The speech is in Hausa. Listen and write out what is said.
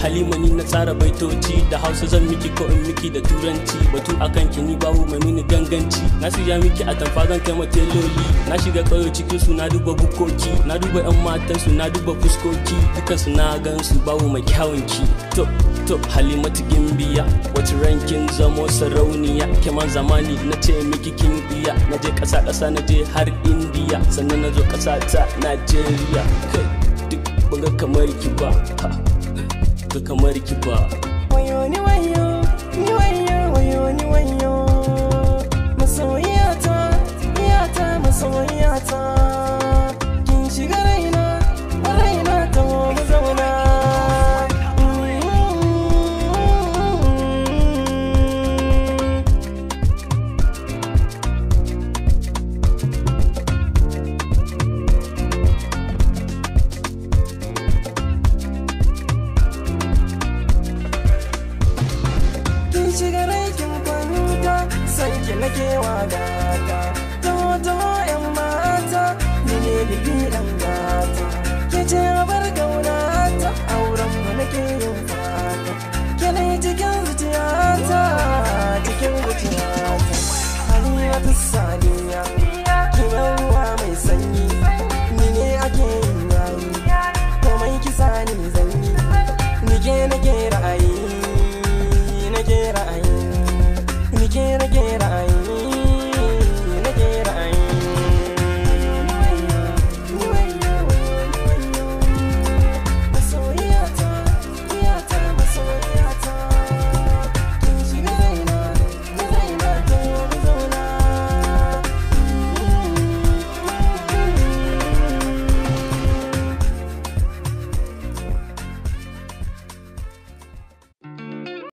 halima ni na tsara baitoci da hausa zan miki ko in miki da turanci batu akan ki ni babu mai nuna ganganci na siya miki a tamfa zan kai mata loli na shiga ƙauye cikin su na duba bukoki na duba yan matan su na duba fuskoki duka su na gan su babu mai kyawun ki to to halimatu gimbiya wata rankin zamo sarauniya keman zamani na ce miki kin iya na je kasa kasa na je har indiya sannan na zo kasa ta najeriya kai duk ban ga kamar ki ba ga kamar ki ba wayo ni wayo ni wayo got.